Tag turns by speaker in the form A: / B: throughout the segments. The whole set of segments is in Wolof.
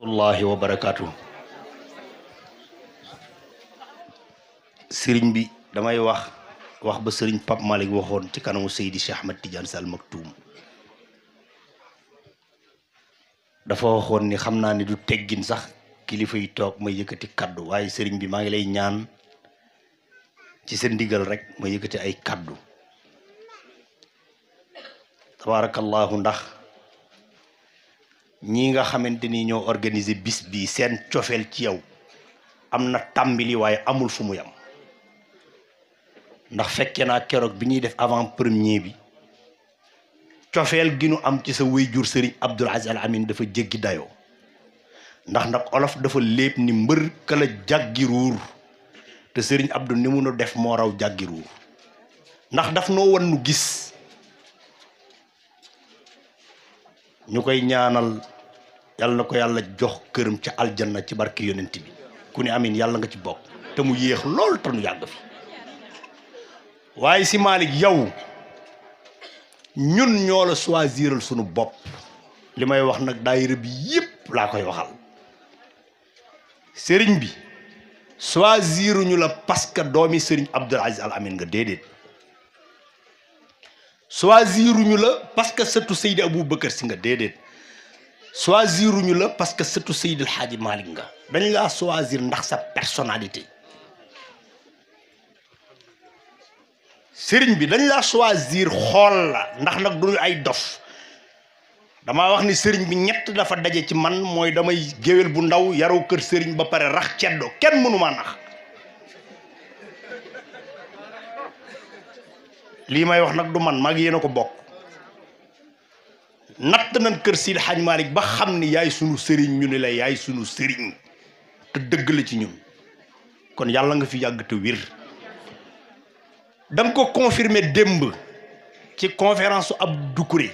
A: wallahi bi damay wax wax ba sëriñ Pape Malick waxoon ci kanamu Seydi Cheikh Ahmed Tidiane Sall dafa waxoon ni xam naa ni du teggin sax kilifa yi toog ma yëkkati kaddu waaye sëriñ bi maa ngi lay ñaan ci seen ndigal rek ma yëkkati ay kaddu tabaarakallaahu ndax ñi nga xamante ni ñoo organiser bis bi seen cofeel ci yow am na tàmbali waaye amul fu mu am ndax fekke naa keroog bi ñuy def avant premier bi cofeel gi nu am ci sa wéyjur sëriñ Abdoul Aziz Al Amin dafa jéggi dayoo ndax ndax olof dafa léeb ni mbër kala jàggi ruur te sëriñ Abdou ni mu nu def moo raw jàggi ruur ndax daf noo wan nu gis ñu koy ñaanal yàlla na ko yàlla jox këram ca aljanna ci barke yonent bi ku ne amin yàlla nga ci bokk te mu yéex lool te nu yàgg fi waaye si Malick yow ñun ñoo la choisiral sunu bopp li may wax nag daayira bi yëpp laa koy waxal sëriñ bi ñu la parce que doomi sëriñ Abdoul Aziz Al amin nga déedéet choisir choisiruñu la parce que sëtu Seydi Aboubacar si nga déedéet choisiruñu la parce que sëtu Seydi El Hadji Malick nga dañ laa choisir ndax sa personnalité sëriñ bi dañ la choisir xool la ndax nag duñu ay dof dama wax ni sëriñ bi ñett dafa daje ci man mooy damay géwél bu ndaw yaroo kër sëriñ ba pare rax ceddo kenn mënuma nax lii may wax nag du man maa ngi yéen a ko bokk natt nañ kër Sidi Hadj Malick ba xam ni yaay sunu sëriñ ñu ni la yaay sunu sëriñ te dëgg la ci ñun kon yàlla nga fi yàgg te wér da ko confirmer démb ci conférence su Abdou Kouré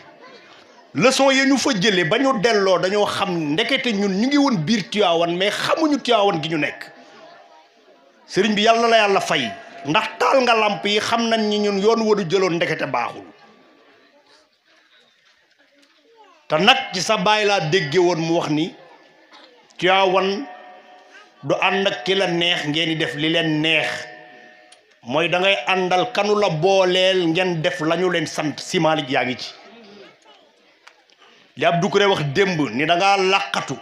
A: leçon yi ñu fa jëlee ba ñu delloo dañoo xam ndekete ñun ñu ngi woon biir Tiwaawan mais xamuñu Tiwaawan gi ñu nekk sëriñ bi yàlla la yàlla fay ndax taal nga làmp yi xam nañ ni ñun yoon waru jëloon ndekete baaxul te nag ci sa baay laa dégge woon mu wax ni Tiwaawan du ànd ak ki la neex ngeen di def li leen neex mooy dangay àndal kanu la booleel ngeen def lañu leen sant si yaa ngi ci li Abdou Kouré wax démb ni da làqatu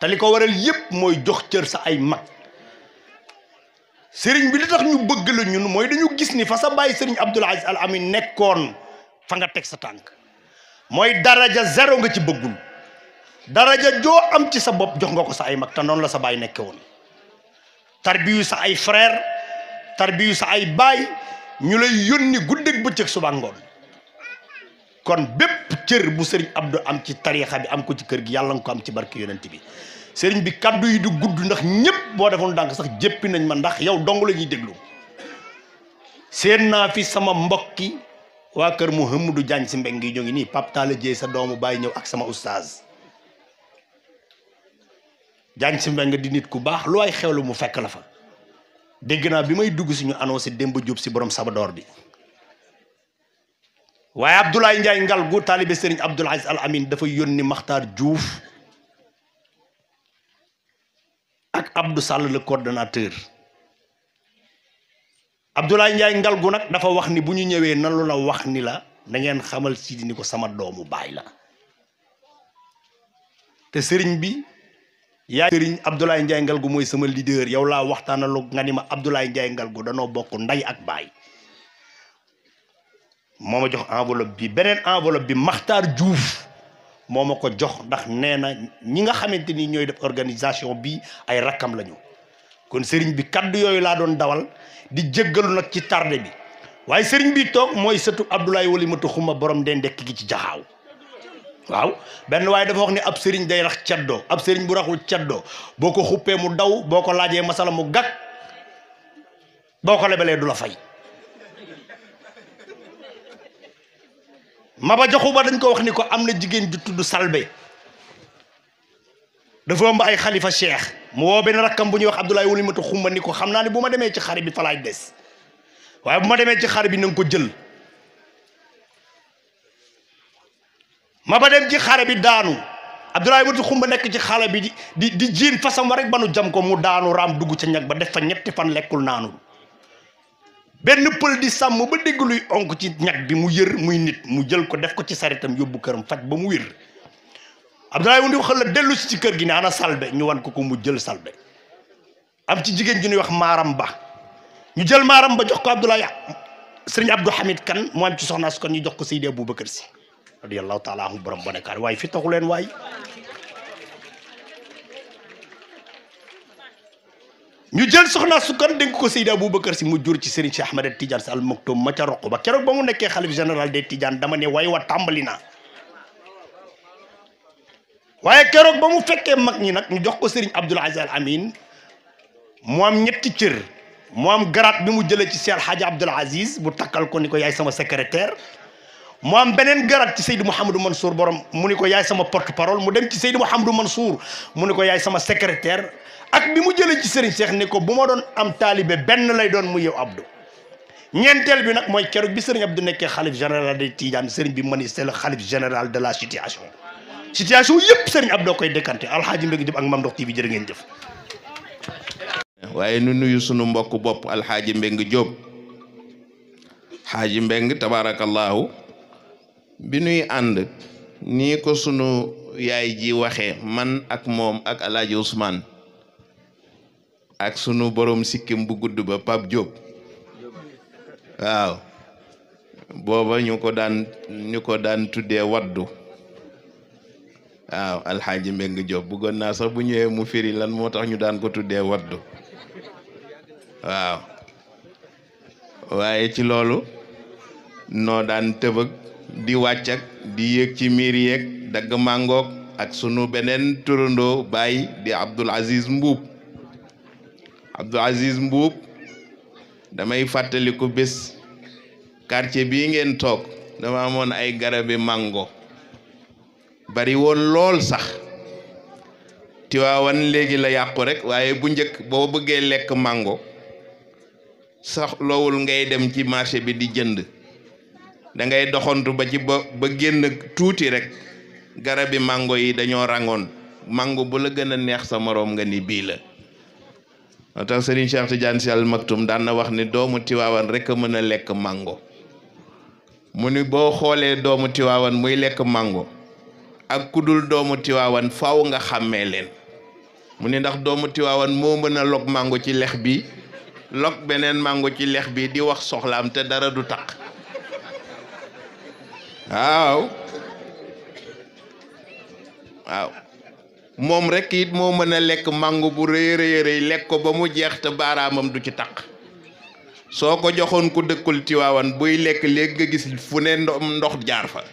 A: te li ko waral yépp mooy jox cër sa ay mag sëriñ bi li tax ñu bëgg la ñun mooy dañu gis ni fa sa bàyyi sëriñ Abdoul Aziz Al Amin nekkoon fa nga teg sa tànk mooy daraja zéro nga ci bëggul daraja joo am ci sa bopp jox nga ko sa ay mag te noonu la sa baay nekke woon tarbiyu sa ay frère tarbiyu sa ay baay ñu lay yónni guddeeg bëccëg suba ngoon kon bépp cër bu sëriñ Abdou am ci tariixa bi am ko ci kër gi yàlla nga ko am ci barke yonent bi sëriñ bi kaddu yi du gudd ndax ñëpp boo defoon dànk sax jéppi nañ ma ndax yow dong la ñuy déglu seen naa fi sama mbokki waa kër Mouhamadou Diagne si mbeng yi ñoo ngi nii Pape Talla Dieye sa doomu bàyyi ñëw ak sama oustaz Diagne si mbeng di nit ku baax lu ay xewlu mu fekk la fa dégg naa bi may dugg si ñu annoncé Demba jub si boroom Sabador bi waaye Abdoulaye Ndiaye ngal gu taalibe sëriñ Abdoul Aziz Al Amin dafa yónni Makhtar Diouf Abdou Sall le coordonnateur Abdoulaye Ndiaye Ngalgou nag dafa wax ni bu ñu ñëwee nanu la wax ni la na ngeen xamal Sidi ni ko sama doomu baay la te sëriñ bi yaa sëriñ Abdoulaye Ndiaye gu mooy sama leader yow laa waxtaanalu nga ni ma Abdoulaye Ndiaye Ngalgou danoo bokk nday ak baay moo ma jox enveloppe bi beneen enveloppe bi Makhtar Diouf moo ma ko jox ndax nee na ñi nga xamante ni ñooy def organisation bi ay rakkam lañu kon sëriñ bi kaddu yooyu laa doon dawal di jéggalu nag ci tarde bi waaye sëriñ bi toog mooy sëtu Abdoulaye Walimatu Xuma borom de ndekk gi ci jaxaaw waaw benn waaye dafa wax ne ab sëriñ day rax ceddoo ab sëriñ bu raxul ceddoo boo ko xuppee mu daw boo ko laajee masala mu gàkk boo ko lebalee du la fay ma Maba joxu Ba dañ ko wax ni ko am na jigéen ju tudd Salbe dafa ëmb ay xalifa cheikh mu woo benn rakkam bu ñuy wax Abdoulaye Wulimatu Xumba ni ko xam naa ne bu ma demee ci xare bi falaaj des waaye bu ma demee ci xare bi na ko jël ma ba dem ci xare bi daanu Abdoulaye Wulimatu Xumba nekk ci xare bi di di jiin fasam wa rek ba nu jam ko mu daanu raam dugg ca ñag ba def fa ñetti fan lekkul naanu benn pël di sàmm ba dégg luy onk ci ñag bi mu yër muy nit mu jël ko def ko ci saritam yóbbu këram faj ba mu wér Abdoulaye Wundu xel la dellu si ci kër gi ne ana salbe ñu wan ko ko mu jël salbe am ci jigéen ju ñuy wax maaram ba ñu jël maaram ba jox ko Abdoulaye sëriñ Abdou Hamid kan moo am ci soxnaas kon ñu jox ko Seydi Aboubacar si radiyallahu taala anhu borom bonekaar waaye fi taxu leen waay ñu jël soxna sukkan dénk ko Seydi Aboubacar si mu jur ci Serigne Cheikh Ahmed Tidiane si al Maktoum ma ca roq ba keroog ba mu nekkee xalif général des Tidiane dama ne way wa tàmbali na waaye keroog ba mu fekkee mag ñi nag ñu jox ko Serigne Abdoul Aziz Al Amin mu am ñetti cër mu am garaat bi mu jëlee ci Cheikh Hadji Abdoul Aziz bu takkal ko ni ko yaay sama secrétaire mu am beneen garaat ci Seydou Mouhamadou Mansour borom mu ni ko yaay sama porte parole mu dem ci Seydou Mouhamadou Mansour mu ni ko yaay sama secrétaire ak bi mu jëlee ci Serigne Cheikh ni ko bu ma doon am taalibe benn lay doon mu yow Abdou ñeenteel bi nag mooy keroog bi Serigne Abdou nekkee xalif général de Tidiane Serigne bi ma ni c'est le général de la situation situation yëpp Serigne Abdou koy décanté alxaaji Mbégi Diop ak Mame Ndokh TV jërë ngeen jëf.
B: nu nuyu sunu mbokk bopp alxaaji Mbégi Diop xaaji Mbégi tabaarakallaahu bi nuy ànd nii ko sunu yaay ji waxee man ak moom ak alaaji Ousmane ak sunu borom sikkim bu gudd ba Pape Diop waaw booba ñu ko daan tuddee waddu waaw alxaaji Mbeng Diop bëggoon naa sax bu ñëwee mu firi lan moo tax ñu daan ko tuddee waddu waaw waaye ci loolu noo daan tëbëg di wàcc ak di yéeg ci miir yeeg dagg màngook ak sunu beneen turandoo baay di Abdoul Aziz Mbuub Abdoul Aziz Mbuub damay fàttaliku bés quartier bii ngeen toog dama amoon ay garabi màngo bari woon lool sax Tiwaawan léegi la yàqu rek waaye bu njëkk boo bëggee lekk màngo sax loowul ngay dem ci marché bi di jënd da ngay doxantu ba ci ba ba génn tuuti rek garabi mango yi dañoo rangoon mango bu la gën a neex sa moroom nga ni bii la moo tax Serigne Cheikh daan na wax ni doomu Tiwaawan rek a mën a lekk mango mu ni boo xoolee doomu Tiwaawan muy lekk mango ak kudul doomu Tiwaawan faw nga xàmmee leen mu ni ndax doomu Tiwaawan moo mën a log mango ci lex bi log beneen mango ci lex bii di wax soxlaam te dara du taq waaw waaw moom rekk it moo mën a lekk màngo bu rëy rëy rëy lekk ba mu jeex te baaraamam du ci taq soo ko joxoon ku dëkkul Tiwaawan buy lekk léegi nga gis fu ne ndox jaar fa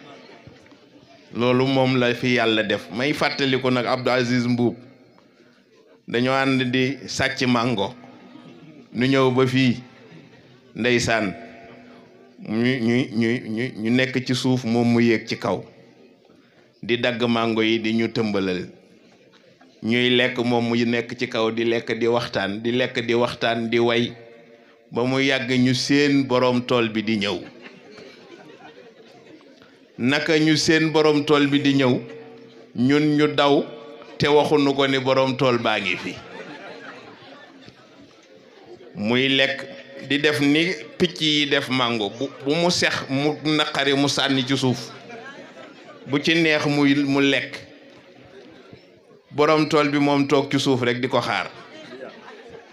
B: loolu moom la fi yàlla def may fàttaliku nag Abdou Aziz Mbuub dañoo ànd di sàcc màngo nu ñëw ba fii ndeysaan ñu ñu ñu nekk ci suuf moom mu yéeg ci kaw di dagg màngo yi di ñu tëmbalal ñuy lekk moom mu nekk ci kaw di lekk di waxtaan di lekk di waxtaan di way ba mu yàgg ñu seen boroom tool bi di ñëw naka ñu seen boroom tool bi di ñëw ñun ñu daw te waxuñu ko ni boroom tool baa ngi fi muy lekk di def ni picc yi def mango bu mu sex mu naqari mu sànni ci suuf bu ci neex muy mu lekk borom tool bi moom toog ci suuf rek di ko xaar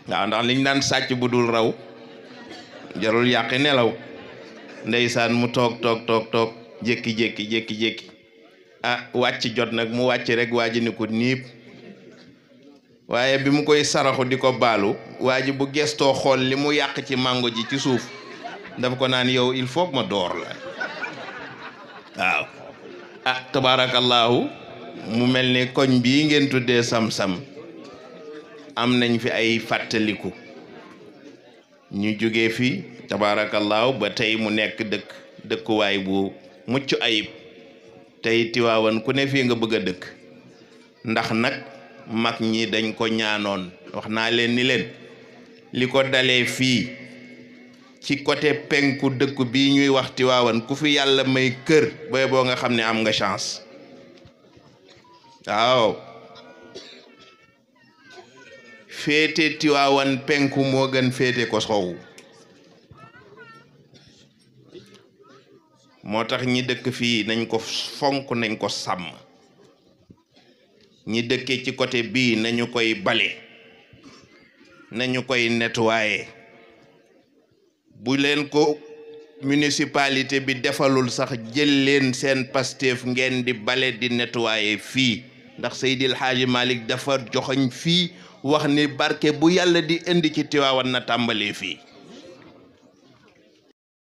B: waaw ndax liñ daan sàcc bu dul raw jarul yàqi nelaw ndeysaan mu toog toog toog toog jékki-jékki a jékki ah, jot nag mu wàcc rek waa ji ni ko niip waaye bi mu koy saraxu di ko baalu waa ji bu gestoo xool li mu yàq ci màngo ji ci suuf dafa ko naan yow il faut ma door la waaw ah tabaarakallaahu mu mel ni koñ bii ngeen tuddee samsam sam am nañ fi ay fàttaliku ñu jóge fi tabaarakallaahu ba tey mu nekk dëkk dëkkuwaay bu mucc ayib tey tiwaawan ku ne fii nga bëgg a dëkk ndax nag mag ñi dañ ko ñaanoon wax naa leen ni leen li ko dalee fii ci côté penku dëkku bi ñuy wax Tiwaawan ku fi yàlla may kër booy boo nga xam ne am nga chance waaw féete Tiwaawan penku moo gën féete ko sowu moo tax ñi dëkk fii nañ ko fonk nañ ko sàmm ñi dëkkee ci côté bii nañu koy bale nañu koy nettoyer bu leen ko municipalité bi defalul sax jël leen seen Pastef ngeen di bale di nettoyer fii ndax Seydil Hadji Malick dafa joxoñ fii wax ni barke bu yàlla di indi ci Tiwaawan na tàmbalee fii